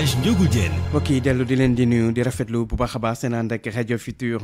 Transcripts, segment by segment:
Elhadj Ndiogou mbokk yi dellu di leen di nuyu di rafetlu bu baax a baax seen ànd ak rajo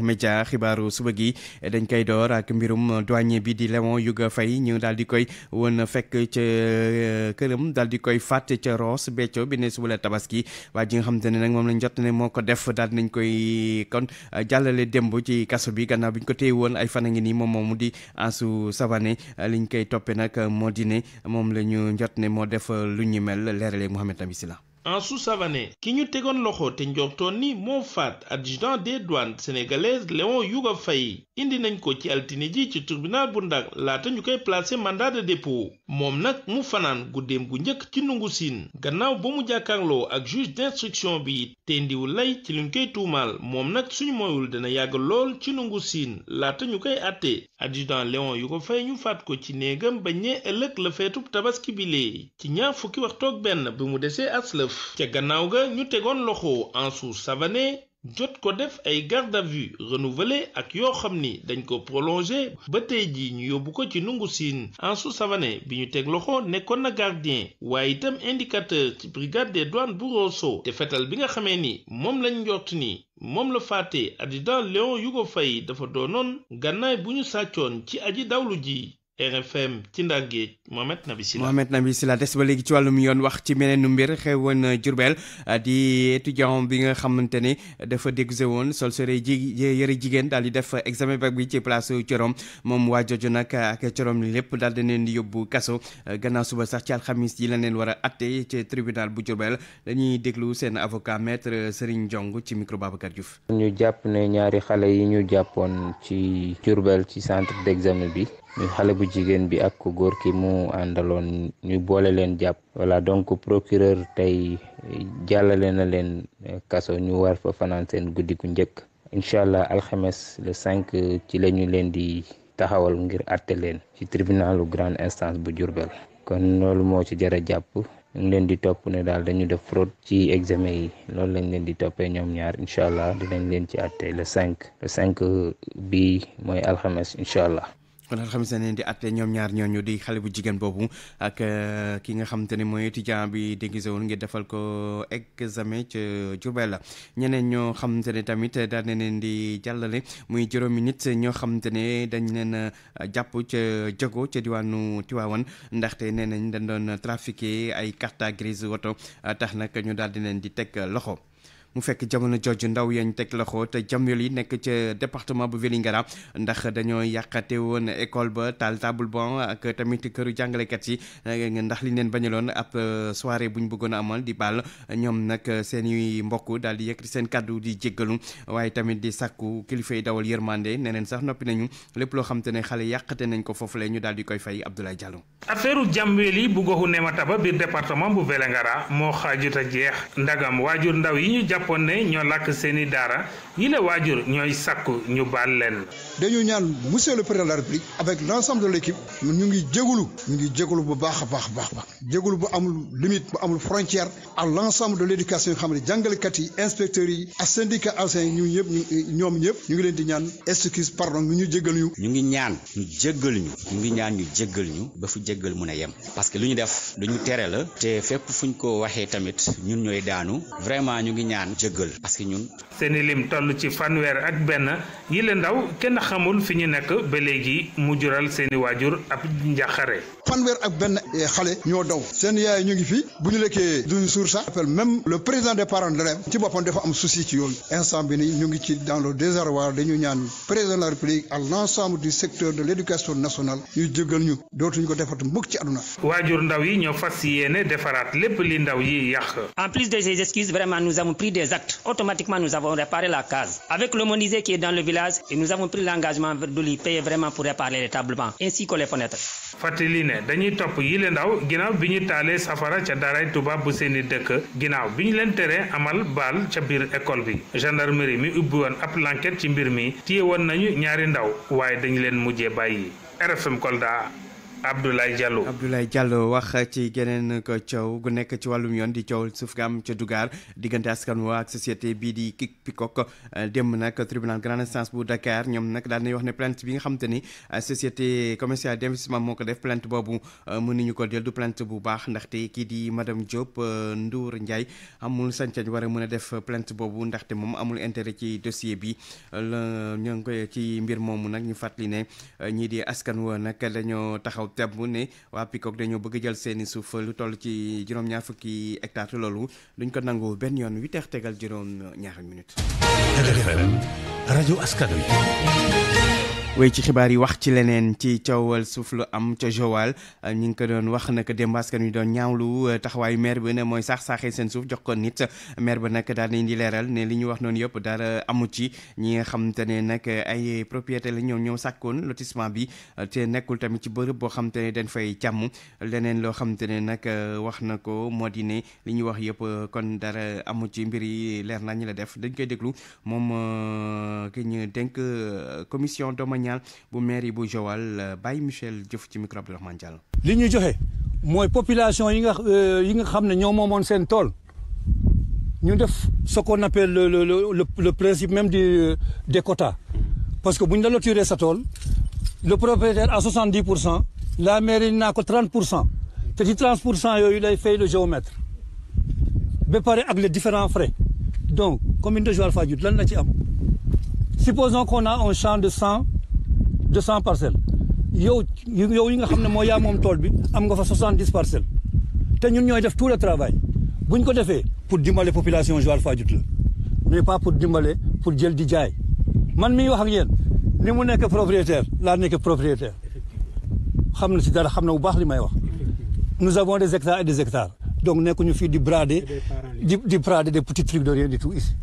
Média xibaaru suba gi dañ koy door ak mbirum douanier bi di Léon Yuga Faye ñu daal di koy woon fekk ca euh, këram daal di koy fàtte ca roos Béthio bi ne suba la tabaski waaye ji nga xamante ne nag moom lañ jot ne moo ko def daal nañ koy kon jàllale démb ci kaso bi gannaaw bi ñu ko téye woon ay fan a ngi nii moom moom moomu di Ansou Savané liñ koy toppe nag moo di ne moom la ñu jot ne moo def lu ñu mel leerale Mouhamed Lamine Sylla Ansou Savané ki ñu tegoon loxo te njortoon ni moo faat adjudant des douanes sénégalaise Léon Youga Faye indi nañ ko ci altine ji ci tribunal bu Ndar laata ñu koy placer mandat de dépôt moom nag mu fanaan guddeem gu njëkk ci nungu siin gannaaw ba mu jàkkaarloo ak juge d'instruction bi te indiwul lay ci luñ koy tuumaal moom nag suñu moyul dana yàgg lool ci nungu siin laata ñu koy àtte adjudant Léon Youga Faye ñu faat ko ci néegam ba ñee ëllëg la feetub tabaski bi l ci ñaar ca gannaaw ga ñu tegoon loxo Ansou Savané jot ko def ay garde à vue renouvelée ak yoo xam ni dañ ko prolongé ba tey ji ñu yóbbu ko ci nungu siin Ansou Savané bi ñu teg loxo nekkoon na gardien waaye itam indicateur ci brigade des douanes bu Rosso te fetal bi nga xamee ni moom lañ njort ni moom la fàtte faate adjudant yu ko Faye dafa doonoon gannaay bu ñu sàccoon ci aji dawlu ji RFM ci ndar géej Mohamed Nabi Sylla Mohamed Nabi Sylla des ba léegi ci wàllum yoon wax ci meneenu mbir xewoon Jurbel di étudiant bi nga xamante ne dafa déguisé woon sol sore ji yëre jigéen daal di def examen bag bi ci place Corom moom waa jooju nag ak Corom lépp daal di leen di yóbbu kaso gannaaw suba sax ci alxamis yi la leen war a atte ci tribunal bu Jurbel dañuy déglu seen avocat maître Serigne Diong ci micro Babacar Diouf. ñu jàpp ne ñaari xale yi ñu jàppoon ci Jurbel ci centre d'examen bi. muy xale bu jigéen bi ak ko góor ki mu àndaloon ñu boole leen jàpp voilà donc procureur tey jàllale na leen kaso ñu war fa fanaan seen guddi gu njëkk incha allah alxames le 5 ci la ñu leen di taxawal ngir àtte leen ci tribunalu grande instance bu Diourbel kon loolu moo ci jar jàpp ñu leen di topp ne daal dañu def fraude ci examen yi loolu lañ leen di toppee ñoom ñaar incha allah dinañ leen ci àtte le cinq le 5 bi mooy alxames incha allah. kon alxames na leen di àtte ñoom ñaar ñooñu di xale bu jigéen boobu ak euh, ki nga xamante ne mooy étudiant bi déguisé woon ngir defal ko examen ca Diourbel la ñeneen ñoo xamante ne tamit daan na leen di jàllale muy juróomi nit ñoo xamante ne dañ leen euh, jàpp ca Jago ca diwaanu Tiwaawan ndaxte nee nañ dañ doon trafiqué ay carte grise woto euh, tax nag ñu daal di leen di teg loxo. mu fekk jamono jooju ndaw yañ teg loxo te jamyol yi nekk ca département bu Vélingara ndax dañoo yàqate woon école ba taal table bon ak tamit këru jàngalekat yi eh, ndax liñ leen bañaloon eh, a amal di baal ñoom nag seeni mbokk daal di seen kàddu di jéggalu waaye tamit di sàkku kilifa yi dawal yërmande neneen sax noppi nañu lépp loo xam te ne xale yàqate nañ ko foofu la ñu daal di koy fay Abdoulaye Diallo. affaire moo xaajut a jeex ndagam waajur ndaw yi ñu jàpp jàppoon ne ñoo làkk seeni daara yi la waajur ñooy sakku ñu baal leen dañu ñaan monsieur le président de la république avec l' de l' ñu ngi jégalu ñu ngi jégalu bu baax a baax baax baax jégalu bu amul limite bu amul frontière ak l' ensemble de l' éducation yoo xam ne jàngalekat yi inspecteurs yi ak syndicat enseignants ñu ñëpp ñoom ñëpp ñu ngi leen di ñaan excuse pardon ñu ñu jégal ñu ñu ngi ñaan ñu jéggal ñu ñu ngi ñaan ñu jéggal ñu ba fu jéggal mën a yem parce que lu ñu def lu ñu tere la te fépp fu ñu ko waxee tamit ñun ñooy daanu vraiment ñu ngi ñaan jéggal parce que ñun seeni lim toll ci fanweer ak benn yi la xamul fi ñu nekk ba mu jural seeni waajur ab njàqare fanweer ak benn xale ñoo daw seen yaay ñu ngi fi bu ñu lekkee duñu suur sax appel même le président des parents d'élèves ci boppam dafa am souci ci yooyu instant bi nii ñu ngi ci dans le désarroi dañu ñaan président de la république à l'ensemble du secteur de l'éducation nationale ñu jëggal ñu dootuñu ko defat mukk ci aduna waajur ndaw yi ñoo fas yéene defaraat lépp li ndaw yi yàq en plus de des actes automatiquement nous avons la case avec engagement du li payer vraiment pour réparer les tablements ainsi que les fenêtres. fàttali ne dañuy topp yi leen ndaw ginnaaw bi ñu taalee safara ca daaray Touba bu seeni dëkk ginnaaw bi ñu leen teree amal baal ca biir école bi gendarmerie mi ubbi woon ab l'enquête ci mbir mi téye woon nañu ñaari ndaw waaye dañu leen mujjee bàyyi RFM Kolda. Abdoulaye Diallo Abdoulaye Diallo wax ci geneen ko coow gu nekk ci wàllum yoon di coow su ga am ca Dugar diggante askan wa ak société bii di Pikok démb nag tribunal grande instance bu Dakar ñoom nag daal nañ wax ne plainte bi nga xam te ni société commerciale d'investissement moo ko def plainte boobu euh, mën nañu ko dellu du bu baax ndaxte kii di madame Diop euh, Ndour Ndiaye amul sañ-sañ war a mën a def plainte boobu ndaxte moom amul intérêt ci dossier bi la ñoo ngi koy ci mbir moomu nag ñu fàttali ne euh, ñii di askan wa nag dañoo taxaw te mu ne waa PICOC dañoo bëgg jël seeni suuf lu toll ci juróom-ñaar fukki hectare loolu duñ ko nangu benn yoon huit tegal juróom-ñaari minutes. RFM rajo askan wi. wéy ci xibaar yi wax ci leneen ci coowal suuf lu am ca Joal ñu ngi ko doon wax nag démb askan wi doon ñaawlu euh, taxawaayu maire bi ne mooy saax saaxee seen suuf jox ko nit maire ba nag daan nañ di leeral ne li ñu wax noonu yëpp dara amu ci ñi nga xam ne nag ay propriété la ñoom ñoo sàkkoon lotissement bi te nekkul tamit ci bërëb boo xam ne dañ fay càmm leneen loo xam ne nag euh, wax na ko moo di ne li ñu wax yëpp euh, kon dara amu ci mbir yi leer nañ la def dañ koy déglu moom. ak ñu dénk euh, commission domaniale bu mairie bu Joal euh, Baye Michel jëf ci micro Abdourahmane Diallo. li ñu joxe mooy population yi nga euh, yi nga xam ne ñoo moomoon seen tool ñu def ce qu'on appelle le le principe même de des quotas parce que bu ñu la loturee sa tool le propriétaire à 70 pour cent la mairie naa ko pour cent te ci cent yooyu lay fay le géomètre ba pare ak les différents frais donc commune de Joal Fadiouth lan la ci am. supposons qu'on a un champ de cent de cent parcelles yow yow yi nga xam ne mooy yaa moom tool bi am nga fa soixante dix parcelles te ñun ñooy def tout le travail bu ñu ko defee pour dimbale population Joal Fadiouth la mais pas pour dimbale pour jël di jaay man mi wax ak yéen ni mu nekk propriétaire laa nekk propriétaire xam na si dara xam ne wu baax li may wax nous avons des hectares et des hectares donc nekkuñu fii di brader di di brader des de rien di tout ici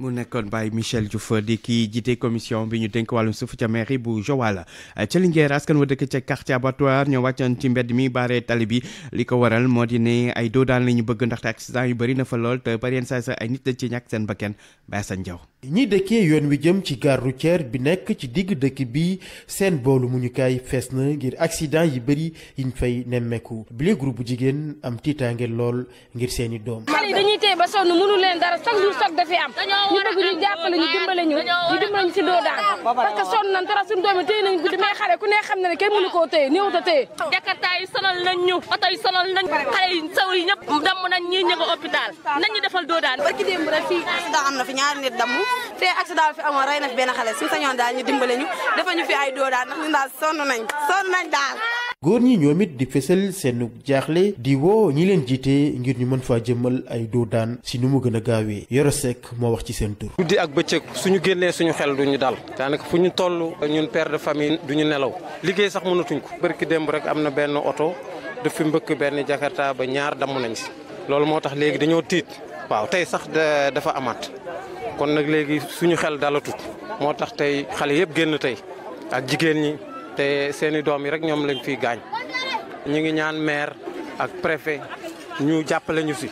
mu nekkoon Baye Michel Diouf di kii jiite commission bi ñu dénk wàllum suuf ca mairie bu Joal ca Linguère askan wa dëkk ca quartier abattoir ñoo wàccoon ci mbedd mi bare tali bi li ko waral moo di ne ay doo daan la ñu bëgg ndaxte accident yu bari na fa lool te bari yenn saa sa ay nit dañ ci ñàkk seen bakkan Baye Assane Diaw ñi dëkkee yoon wi jëm ci gare routière bi nekk ci diggu dëkk bi seen boolu mu ñu kaay fees na ngir accident yi bari yiñ fay nemmeeku bile bu jigéen am tiitaange lool ngir seeni doom. yi dañuy téye ba stock dafi am ñu bëgg ñu jàppale ñu dimbale ñu ñu dimbale ñu si doo daan parce que sonn nañ tara suñu doom yi guddi mais xale ku ne xam na ne kenn mënu koo téye néew ta téye jakarta yi sonal nañ ñu oto yi sonal nañ xale yi saw yi ñëpp damm nañ ñii ñë ñu defal doo daan barki démb rek fii accident am na fi ñaari nit damm fee accident fi amoon rey na fi benn xale suñu sañoon daal ñu dimbale ñu dafa ñu fi ay doo daan ndax ñun daal sonn nañ sonn nañ daal góor ñi ñoom it di fësal seenu jaaxle di woo ñi leen jiite ngir ñu mën faa jëmmal ay doo daan si nu mu gën a gaawee Yoro Seck moo wax ci seen tur. guddi ak bëccëg suñu génnee suñu xel duñu dal daanaka fu ñu toll ñun père de famille duñu nelaw liggéey sax mënatuñ ko bërki démb rek am na benn oto daf fi mbëkk benn jakarta ba ñaar damm nañ si loolu moo tax léegi dañoo tiit waaw tey sax dafa amaat kon nag léegi suñu xel dalatut moo tax tey xale yëpp génn tey ak jigéen ñi te seeni doom yi rek ñoom lañu fiy gaañ ñu ngi ñaan maire ak préfet ñu jàppale ñu si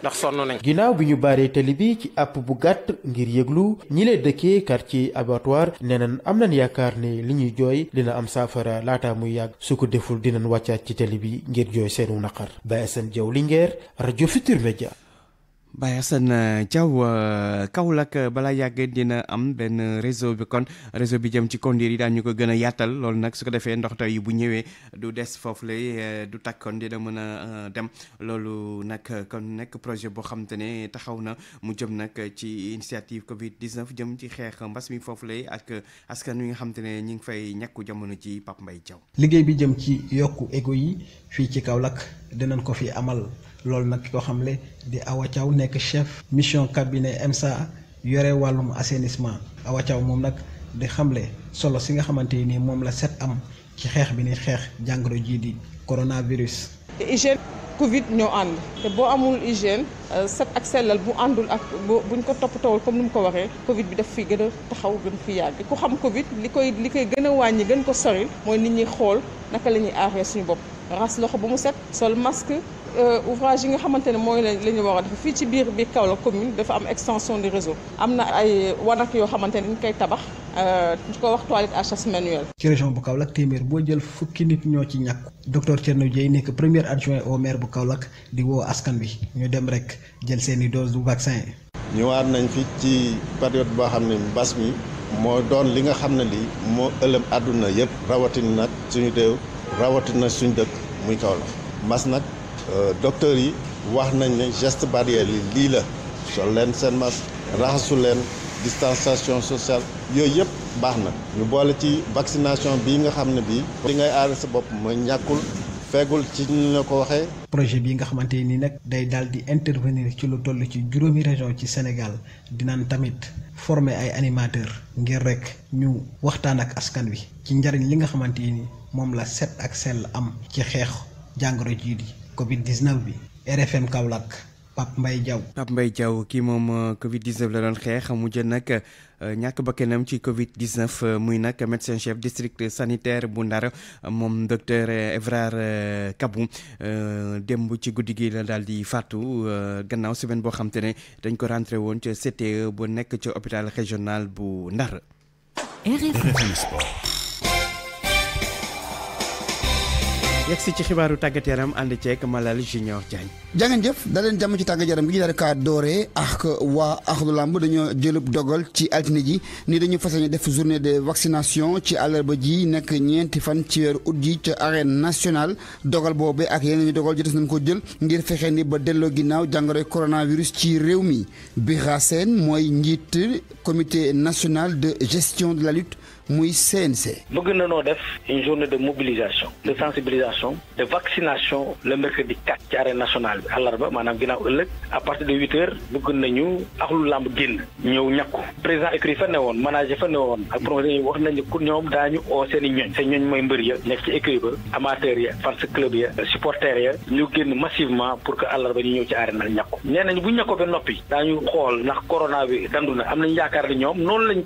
ndax sonn nañ. ginnaaw bi ñu baree tali bi ci app bu gàtt ngir yëglu ñi lay dëkkee quartier abattoir nee nañ am na yaakaar ne li ñuy jooy dina am saafara laata muy yàgg su ko deful di dinañ wàccaat ci tali bi ngir jooy seenu naqar Baye Assane Diaw Linguère rajo Futur Media. Baye Assane Diaw Kaolack balaa yàgg dina am benn réseau bi kon réseau bi jëm ci kondiir yi daañu ko gën a yaatal loolu nag su ko defee ndox tey bu ñëwee du des foofu lay du takkoon dina mën a dem loolu nag kon nekk projet boo xam ne taxaw na mu jëm nag ci initiative Covid 19 jëm ci xeex mbas mi foofu lay ak askan wi nga xam te ne ñu ngi fay ñàkku jamono ci Pape mbay Diaw. liggéey bi jëm ci yokku égo yi fii ci Kaolack dinañ ko fi amal. loolu nag ki ko xamle di Awa Thiaw nekk chef mission cabinet MSA yore wàllum assainissement Awa Thiaw moom nag di xamle solo si nga xamante ni moom la set am ci xeex bi ni xeex jàngoro jii di coronavirus. te hygiène Covid ñoo ànd te boo amul hygiène euh, set ak sellal bu àndul ak buñ ko toppatoowul comme ni mu ko waxee Covid bi daf fi gën a taxaw gën fi yàgg ku xam Covid li koy li koy gën a wàññi gën ko sori mooy nit ñi xool naka la ñuy aaree suñu bopp. ras loxo ba mu set sol masque euh, ouvrage yi nga xamante ne mooy la ñu war a fii ci biir biir Kaolack commune dafa am extension du réseau am na ay wanak yoo xamante ne dañ koy tabax ñu euh, ko wax toilette à chasse ci région bu Kaolack téeméer boo jël fukki nit ñoo ci ñàkk docteur Thierno Dieye nekk premier adjoint au maire bu Kaolack di woo askan bi ñu dem rek jël seeni dose du vaccin ñëwaat nañ fi ci période boo xam ne mbas mi moo doon li nga xam ne lii moo ëlëm àdduna yëpp rawatin nag suñu réew rawatina suñ dëkk muy Kaolack mas nag euh, docteur yi wax nañ ne geste barrière yi lii la sol leen seen mas raxasu leen distanciation sociale yooyu yëpp baax na ñu boole ci vaccination bii nga xam ne bii li ngay aar sa bopp mooy ñàkkul feegul ci ñu ko waxee. projet bi nga xamante ni nag day daal di intervenir ci lu toll ci juróomi région ci senegal dinaan tamit former ay animateurs ngir rek ñu waxtaan ak askan wi ci njariñ li nga xamante ni moom la set ak sell am ci xeex jàngoro jii di Covid 19 bi RFM Kaolack. Pape mbay Diaw. Pape mbay Diaw kii moom euh, Covid 19 la doon xeex mujj nag euh, ñàkk bakkanam ci Covid 19 euh, muy nag médecin chef district sanitaire bu Ndar moom docteur Evrard Kabou démb ci guddi gi la daal di faatu gannaaw semaine boo xam ne dañ ko rentré woon ca CTE bu nekk ca hôpital régional bu Ndar. yegg si ci xibaaru tàggat yaram ànd ceeg Malal Junior Diagne. jàngeen jëf da leen jàmm ci tàggat yaram gi ñu daal kaa dooree ak waa axlu làmb dañoo jëlub dogal ci altine ji ni dañu fas yéene def journée de vaccination ci àllarba ji nekk ñeenti fan ci weeru ut ji ca arène nationale dogal boobu ak yeneen ñu dogal jotas nañ ko jël ngir fexee ni ba delloo ginnaaw jàngoroy coronavirus ci réew mi Bira Sène mooy njiit comité national de gestion de la lutte. muy CNC. bëgg na noo def une journée de mobilisation de sensibilisation de vaccination le mercredi 4 ci arène nationale bi àllarba maanaam ginnaaw ëllëg à de huit heures bëgg nañu axlu làmb génn ñëw ñàkku président écrit fa ne woon manager fa ne woon ak promoteur yi wax nañu ku ñoom daañu oo seen i ñoñ seen ñoñ mooy mbër ya nekk ci écrit ba amateur ya fans club ya supporters ya ñu génn massivement pour que àllarba ñu ñëw ci arène na ñàkku nee bu ñu ñàkkoo ba noppi daañu xool ndax corona na am nañu yaakaar ne ñoom noonu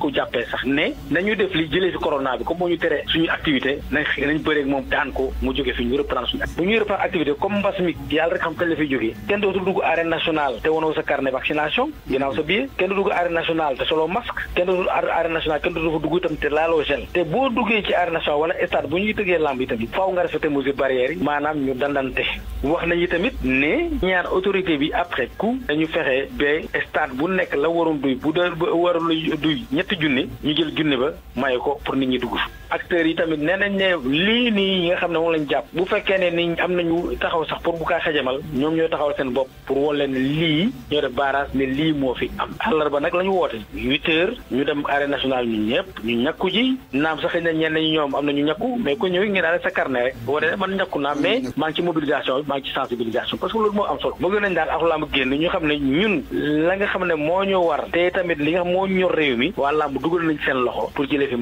jëlee fi corona bi comme moo ñu tere suñu activité nañ nañ bëreeg moom daan ko mu jógee fi ñu reprendre suñu bu ñuy reprendre activité comme mbas mi yàlla rek xam kañ la fiy jógee kenn dootul dugg arène nationale te wanoo sa carnet vaccination ginnaaw sa billet kenn dootul dugg arène nationale te solo masque kenn dootul arène nationale kenn dootul fa dugg itam te laaloo gel te boo duggee ci arène nationale wala stade bu ñuy tëggee lamb yi tamit faaw nga respecté mesures barrières ba stade la waroon duy bu ñu jël junni ba bàyyi ko pour nit ñi dugg fa acteurs yi tamit nee nañ ne lii nii yi nga xam ne moom lañ jàpp bu fekkee ne ni am nañu taxaw sax pour bu kaa xajamal ñoom ñoo taxaw seen bopp pour wol leen lii ñoo def barrage ne lii moo fi am àllarba nag la woote huit heures ñu dem arène nationale ñu ñëpp ñu ñakku ji naam sax na ñenn ñi ñoom am na ñu ñakku mais ku ñëw ngeen daal sa carnet rek wane ne man ñakku naa mais mm. maa ci mobilisation maa ci sensibilisation parce que loolu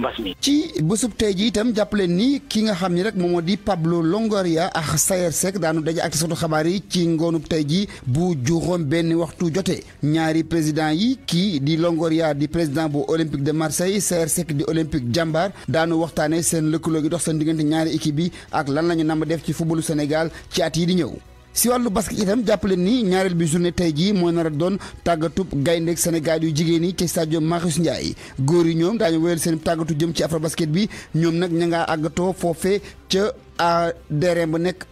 mbas mi. ci bésub tey ji itam jàpp leen ni ki nga xam ni rek moom moo di Pablo Longoria ak Sayer Seck daanu daje ak sunu xabaar yi ci ngoonub tey ji bu juróom benn waxtu jotee ñaari président yi kii di Longoria di président bu Olympique de Marseille Sayer Seck di Olympique Jambar daanu waxtaanee seen lëkkaloo gi dox seen diggante ñaari équipe bi ak lan la ñu nama def ci footballu Sénégal ci at yi di ñëw. si wàllu basket itam jàppale ni ñaareel bi journée tey jii mooy nar a doon tàggatub gayndeeg Sénégal yu jigéen yi ci stade Marius Ndiaye góor yi ñoom ñu wéyal seen tàggatu jëm ci afro basket bi ñoom nag ña ngaa àggatoo foofee ca terrain ba nekk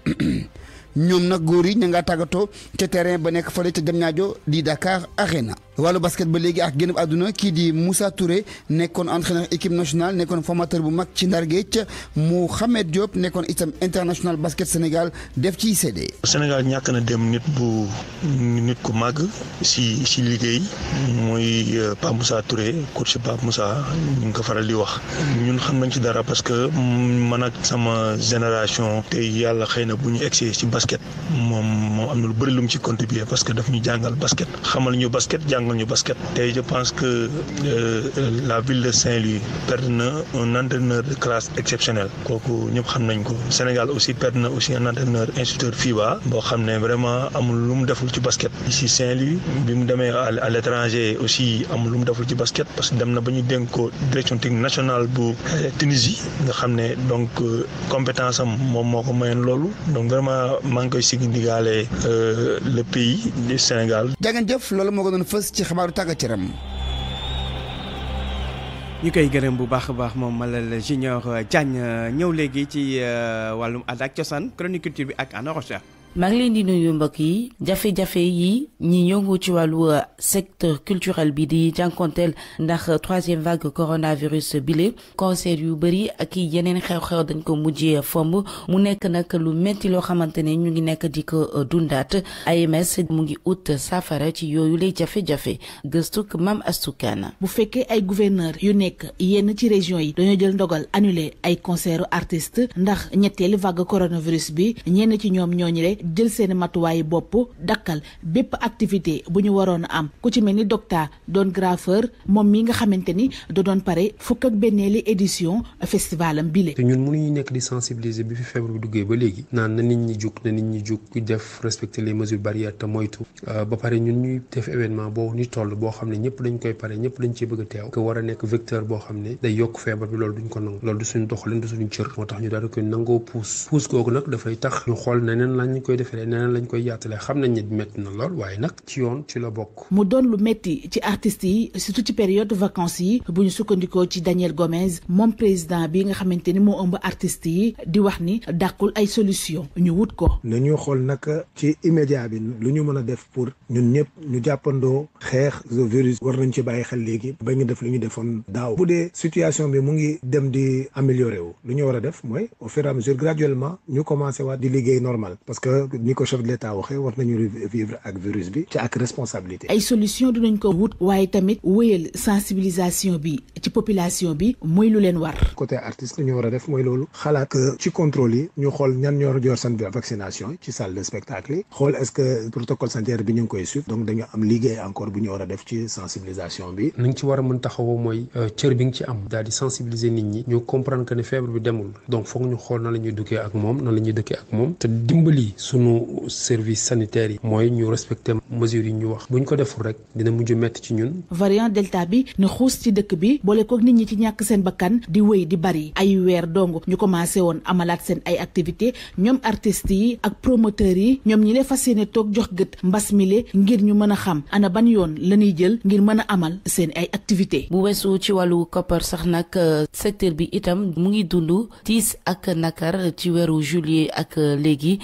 ñoom nag góor yi ña ngaa tàggatoo ca terrain ba nekk fële ca Diamniadio di dakaar Dakar Arena wàllu basket ba léegi ak génn àdduna kii di musa Touré nekkoon entraîneur équipe nationale nekkoon formateur bu mag ci Ndar mu Mouhamed Diop nekkoon itam international basket Sénégal def ciy seede. Sénégal ñàkk na dem nit bu nit ku màgg si si liggéey mooy euh, Pape Moussa Touré coach Pape Moussa ñu ngi ko faral di wax. ñun xam nañ ci dara parce que man ak sama génération te yàlla xëy na bu ñu egsee si basket moom moom am na lu bëri lu mu ci contribuer parce que daf ñu jàngal basket xamal jàngal ñu basket tey je que euh, la ville de Saint-Louis perd na un entraîneur de kooku ñëpp xam nañ ko Sénégal aussi perd na aussi un entraîneur instituteur FIBA boo xam ne vraiment amul lu mu deful ci basket ici Saint-Louis bi mu demee à l'étranger aussi amul lu mu deful ci basket parce que dem na ba ñu dénk ko nationale bu euh, Tunisie nga xam ne donc euh, compétence am moom moo ko mayoon loolu donc vraiment maa ngi koy signifier le pays du Sénégal. jërëjëf loolu moo ko doon fës ci xabaaru tàggat yaram ñi koy gërëm bu baax a baax moom Malal Junior Diagne ñëw léegi ci euh, wàllum aada ak cosaan chroniculture bi ak Anna Rocha maa leen di nuyu mbokk yi jafe-jafe yi ñi yëngu ci wàllu euh, secteur culturel bi di jànkonteel ndax euh, troisième vague coronavirus bile concert yu bëri ak i yeneen xew-xew dañ ko mujjee fomb mu nekk nag lu métti loo xamante ne ñu ngi nekk di ko euh, dundaat AMS mu ngi ut saafara ci yooyu lay jafe-jafe gëstuk Mam Astou bu fekkee ay gouverneur yu nekk yenn ci région yi dañoo jël ndogal annulé ay concert artiste ndax ñetteelu vague coronavirus bi ñenn ci ñoom ñooñu jël seeni matuwaayu bopp dakkal bépp activité bu ñu waroon a am ku ci mel ni docteur doon graffeur moom mi nga xamante ni da doon pare fukk ak benneeli édition festival am bile. te ñun mënuñu nekk di sensibiliser bi fi feebar bi duggee ba léegi naan na nit ñi jug na nit ñi jug def respecter les mesures barrières te moytu euh, ba pare ñun ñuy def événement boo ni toll boo xam ne ñëpp dañ koy pare ñëpp dañ ci bëgg a teew que war a nekk vecteur boo xam ne day yokk feebar bi loolu ko nangu loolu du suñu doxalin du ñu daal di koy nangoo puus puus koy defaree neneen koy yaatalee xam nañ ne métti na lool waaye nag ci yoon ci la bokk. mu doon lu métti ci artistes yi surtout ci période vacances yi bu ñu sukkandikoo ci Daniel Gomez moom président bi nga xamante ni moo ëmb artistes yi di wax ni dàqul ay solution ñu wut ko. nañu xool naka ci immédiat bi lu ñu mën a def pour ñun ñëpp ñu jàppandoo xeex le virus war nañ ci bàyyi xel léegi ba ñu def lu ñu defoon daaw. bu dee situation bi mu ngi dem di améliorer wu lu ñu war a def mooy au fur et ñu commencé waat di liggéey normal que ni ko chef de l'État waxee war nañu vivre ak virus bi ci ak responsabilité. ay solution dinañ ko wut waaye tamit wéyal sensibilisation bi ci population bi muy lu leen war. côté artiste ñu war a def mooy loolu xalaat ci contrôle yi ñu xool ñan ñoo jor seen vaccination ci salle de spectacle yi xool est-ce que protocole sanitaire bi ñu ngi koy suivre donc dañu am liggéey encore bu ñu war a def ci sensibilisation bi. ni nga ci war a mën taxawoo mooy euh, cër bi nga ci am daal di sensibiliser nit ñi ñu comprendre que feebar bi demul donc foog ñu xool na la ñuy duggee ak moom na la ñuy dëkkee ak moom te dimbali sunu service sanitaire yi mooy ñu respecte mesures yi ñu wax buñ ko deful rek dina mujj metti ci ñun variant delta bi ne xuus ci dëkk bi boole kook nit ñi ci ñàkk seen bakkan di wéy di bari ay weer dong ñu commencé woon amalaat seen ay activité ñoom artistes yi ak promoteurs yi ñoom ñi lee fas yéene toog jox gët mbas mile ngir ñu mën a xam ana ban yoon la ñuy jël ngir mën a amal seen ay activité bu weesu ci wàllu koppar sax nag euh, secteur bi itam mu ngi dund tiis ak nakar ci weeru juillet ak euh, léegi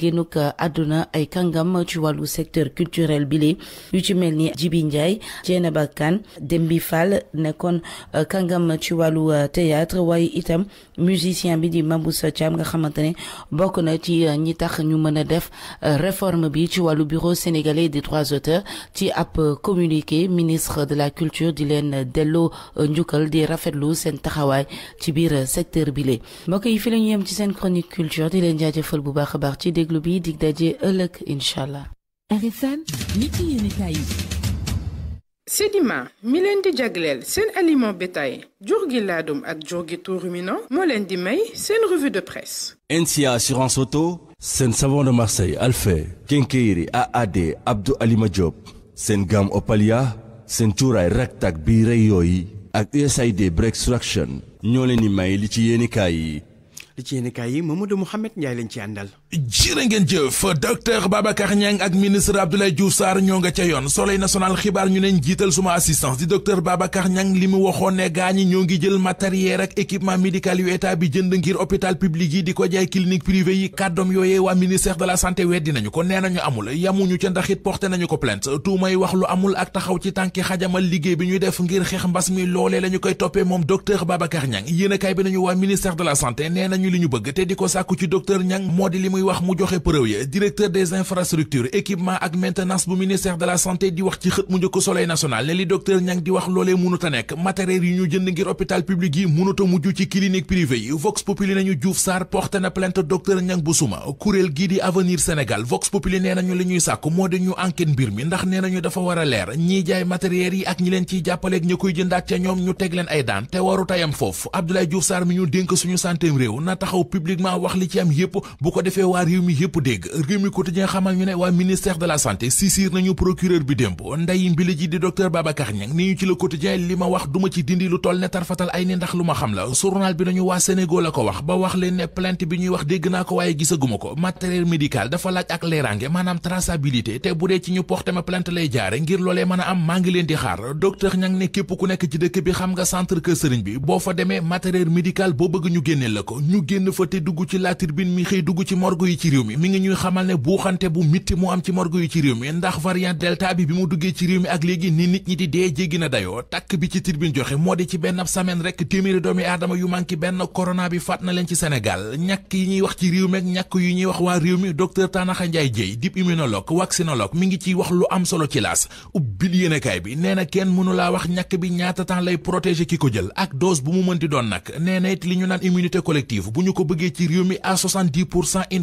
génnuk euh, àdduna ay kàngam ci wàllu secteur culturel bile yu ci mel ni Jibi Ndiaye Dieynaba Kane bi Fall nekkoon euh, kàngam ci wàllu euh, théâtre waaye itam musicien bi di Maboussa Thiam nga xamante ne bokk na ci ñi tax ñu mën a def réforme bi ci wàllu bureau sénégalais di droits d'auteur ci ab communiqué ministre de la culture di leen delloo njukkal di rafetlu seen taxawaay ci biir secteur bile mbokk yi fi la ñu ci seen chronique culture di leen jaajëfal déglu bi dig daje ëllëg incha allah. RFM nit yi yéen mi leen di jagleel seen aliment bétail jur gi laadum ak jur gi tout ruminant moo leen di may seen revue de presse. NCA assurance auto. seen savon de Marseille Alfay. Kenkeyri AAD Abdou Alima Diop. seen gamme Opalia. seen cuuraay raktak bi rey yooyu. ak USAID Breakthrough ñoo leen di may li ci yéenikaay yi. li ci yéenikaay yi Mamadou Mouhamed Ndiaye lañ ci àndal. jirë ngeen jëf docteur Babacar Niang ak ministre Abdoulaye Diouf Sarr ñoo nga ca yoon soleil national xibaar ñu neñ jiital suma assistance di docteur Babacar Niang li mu waxoon ne gaañi ñoo ngi jël matériel ak équipement médical yu état bi jënd ngir hôpital public yi di ko jaay clinique privée yi kàddoom yooyee waa ministère de la santé weddi nañu ko nee nañu amul yamuñu ca ndax it porté nañu ko plainte tuumay wax lu amul ak taxaw ci tànki xajamal liggéey bi ñuy def ngir xeex mbas mi loolee la ñu koy moom docteur a kaay bi nañu waa ministère de la te di ko muy wax mu joxe preuve ya directeur des infrastructures équipement ak maintenance bu ministère de la santé di wax ci xët mu njëkk soleil national ne li docteur Niang di wax loolee mënut a nekk matériel yi ñu jënd ngir hôpital public yi mënut mujj ci clinique privée yi Vox Populi nañu Diouf Sarr porté na plainte docteur Niang bu suma kuréel gii di avenir Sénégal Vox Populi nee nañu li sàkk moo di ñu enquête mbir mi ndax nee nañu dafa war a leer ñiy jaay matériel ñu teg leen ay li waa réew mi yëpp dégg réew mi quotidien xamal ñu ne waa ministère de la santé saisir nañu procureur bi démb nday mbili ji di docteur Babacar Niang ni ñu ci le quotidien li ma wax duma ci dindi lu toll ne tarfatal ay ni ndax lu ma xam la journal bi nañu waa Sénégal la ko wax ba wax leen ne plainte bi ñuy wax dégg naa ko waaye gisaguma ko matériel médical dafa laaj ak leerange maanaam traçabilité te bu dee ci ñu porté ma plainte lay jaare ngir loolee mën a am maa ngi leen di xaar docteur Niang ne képp ku nekk ci dëkk bi xam nga centre kër sëriñ bi boo fa demee matériel médical boo bëgg ñu génneel la ko ñu génn fa dugg ci la tribune mi xëy dugg ci morgue morgue yi ci réew mi mi ngi ñuy xamal ne buuxante bu mitti moo am ci morgue yi ci réew mi ndax variant delta bi bi mu duggee ci réew mi ak léegi ni nit ñi di dee jéggi na dayoo takk bi ci tribune joxe moo di ci benn semaine rek téeméeri doomi aadama yu manki benn corona bi faat na leen ci Sénégal ñàkk yi ñuy wax ci réew mi ak ñàkk yu ñuy wax waa réew mi docteur Tanaxa Ndiaye Dieye dib immunologue vaccinologue mi ngi ci wax lu am solo ci laas ubbil yéenekaay bi nee na kenn mënu laa wax ñàkk bi ñaata temps lay protéger ki ko jël ak dose bu mu mënti na it li ñu naan immunité collective bu ñu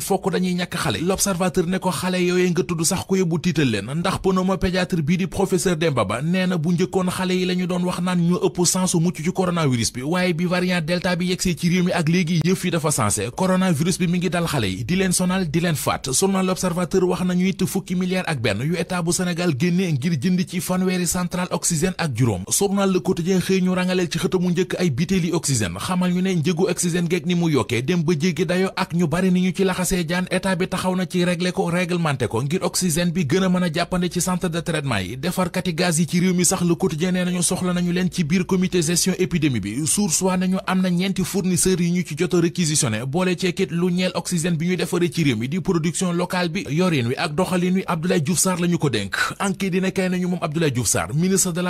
fokk dañuy ñàkk xale l'observateur ne ko xale yooye nga tudd sax ko yóbbu tiital leen ndax pneumopédiatre bii di professeur Demba Ba nee na bu njëkkoon xale yi la ñu doon wax naan ñu ëpp sansu mucc ci coronavirus bi waaye bi variant delta bi yegsee ci réew mi ak léegi yëf yi dafa sansé coronavirus bi mi ngi dal xale yi di leen sonal di leen faat journal l'observateur wax nañu it fukki milliards ak benn yu état bu Sénégal génne ngir jënd ci fanweeri central oxygène ak juróom journal Le Quotidien xëy ñu rangaleel ci xëtamu njëkk ay bitéeli oxygène xamal ñu ne njëgu oxygène geeg ni mu yokkee dem ba jéggi dayo ak ñu bari ni ñu ci laxase Sediane état bi taxaw na ci régler ko réglementé ko ngir oxygène bi gën a jàppande ci centre de traitement yi defarkati gaz yi ci réew mi sax le quotidien nañu soxla nañu leen ci biir comité gestion épidémie bi source waa nañu am na ñeenti fournisseurs yi ñu ci jot a boole ceekit lu ñeel oxygène bi ñuy defaree ci réew mi di production locale bi yorin wi ak doxalin wi Abdoulaye Diouf Sarr ko dénk enquête dina kay nañu moom Abdoulaye Diouf Sarr ministre de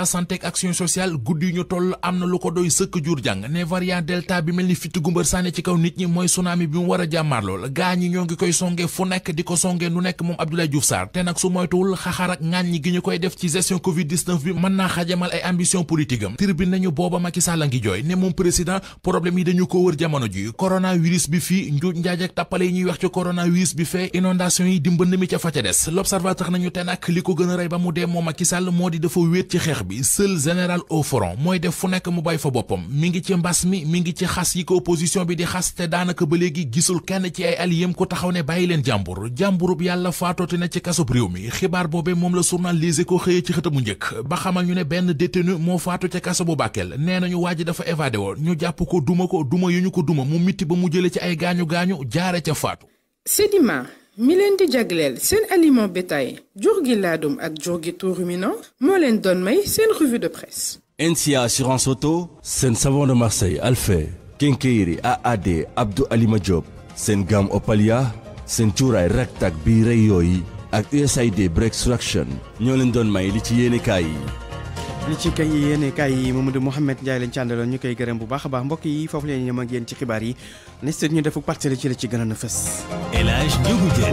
ñi ñoo ngi koy songe fu nekk di ko songe nu nekk moom Abdoulaye Diouf Sarr te nag su moytuwul xaxar ak gi ñu koy def ci gestion covid 19 bi mën naa xajamal ay ambition politique am nañu booba Macky Sall a ngi jooy ne moom président problème yi dañu ko wër jamono ji coronavirus bi fii njuuj njaaj ak yi ñuy wax ci coronavirus bi fee inondation yi di mbënd mi ca fa ca des l'observateur nañu te nag li ko gën rey ba mu dee moom Macky Sall mooy def fu nekk mu bàyyi fa boppam mi ngi ci mbas mi mi ngi ci xas yi ko opposition bi di xas te daanaka ba léegi gisul kenn ci ay alliés ku taxaw ne bàyyi leen jàmbur jàmburub yàlla faatooti na ci kasub réew mi xibaar boobe moom la journal Les Échos xëyee ci xëtamu njëkk ba xamal ñu ne benn détenu moo faatu ca kaso bu Bakel nee nañu waa ji dafa évadé woon ñu jàpp ko duma ko duma yu ñu ko duma mu mitti ba mu jële ci ay gaañu-gaañu jaare ca faatu Sedima mi leen di jagleel seen aliment bétail jur gi laadum ak jur gi tout ruminant moo leen doon may seen revue de presse NCA assurance auto seen savon de Marseille Alfé Kenkeyri AAD Alima Diop seen gaam Opalia seen cuuraay raktak bii rëy yooyu ak say de USAID Breakthraction ñoo leen doon may li ci yéenekaay yi. li ci kay yéenekaay yi ma Mamadou Mouhamed Ndiaye lañ ci àndaloon ñu koy gërëm bu baax baax mbokk yi foofu la ñu ñëw yéen ci xibaar yi. ni seet ñu defuk parti ci la ci gën a na fës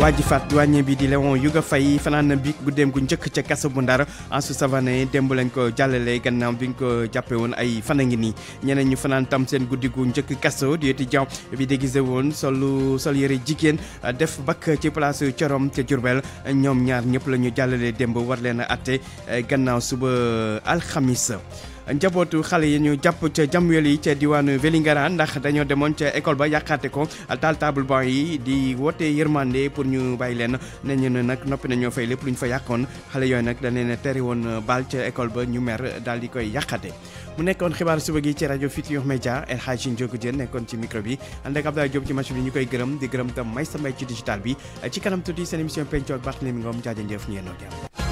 waa ji faat wàññe di Léon Yuga Faye fanaan fanaana bi guddeem gu njëkk ca kaso bu ndar Ansu Savané démb lañ ko jàllale gannaaw bi ñu ko jàppe woon ay fan a ngi nii ñeneen ñu fanaan tam seen guddi gu njëkk kaso di étudiant bi déguisé woon solu sol yëre jigéen def bakk ci place Corom ca Jurbel ñoom ñaar ñëpp la ñu jàllale démb war leen a atte gannaaw suba alxamis njabootu xale yi ñu jàpp ca Jamwel yi ca diwaanu Vélingara ndax dañoo demoon ca école ba yàqaate ko taal table banc yi di woote yërmande pour ñu bàyyi leen ne ñu ne nag noppi nañoo ñoo fay lépp lu ñu fa yàqoon xale yooyu nag dañ leen a tere woon baal ca école ba ñu mer daal di koy yàqate mu nekkoon xibaar suba gi ci rajo Futurs Médias El Hadji Ndiogou Diène nekkoon ci micro bi ànd ak Abdoulaye Diop ci match bi ñu koy gërëm di gërëm tam may sa may ci digital bi ci kanam tuuti seen émission penco ak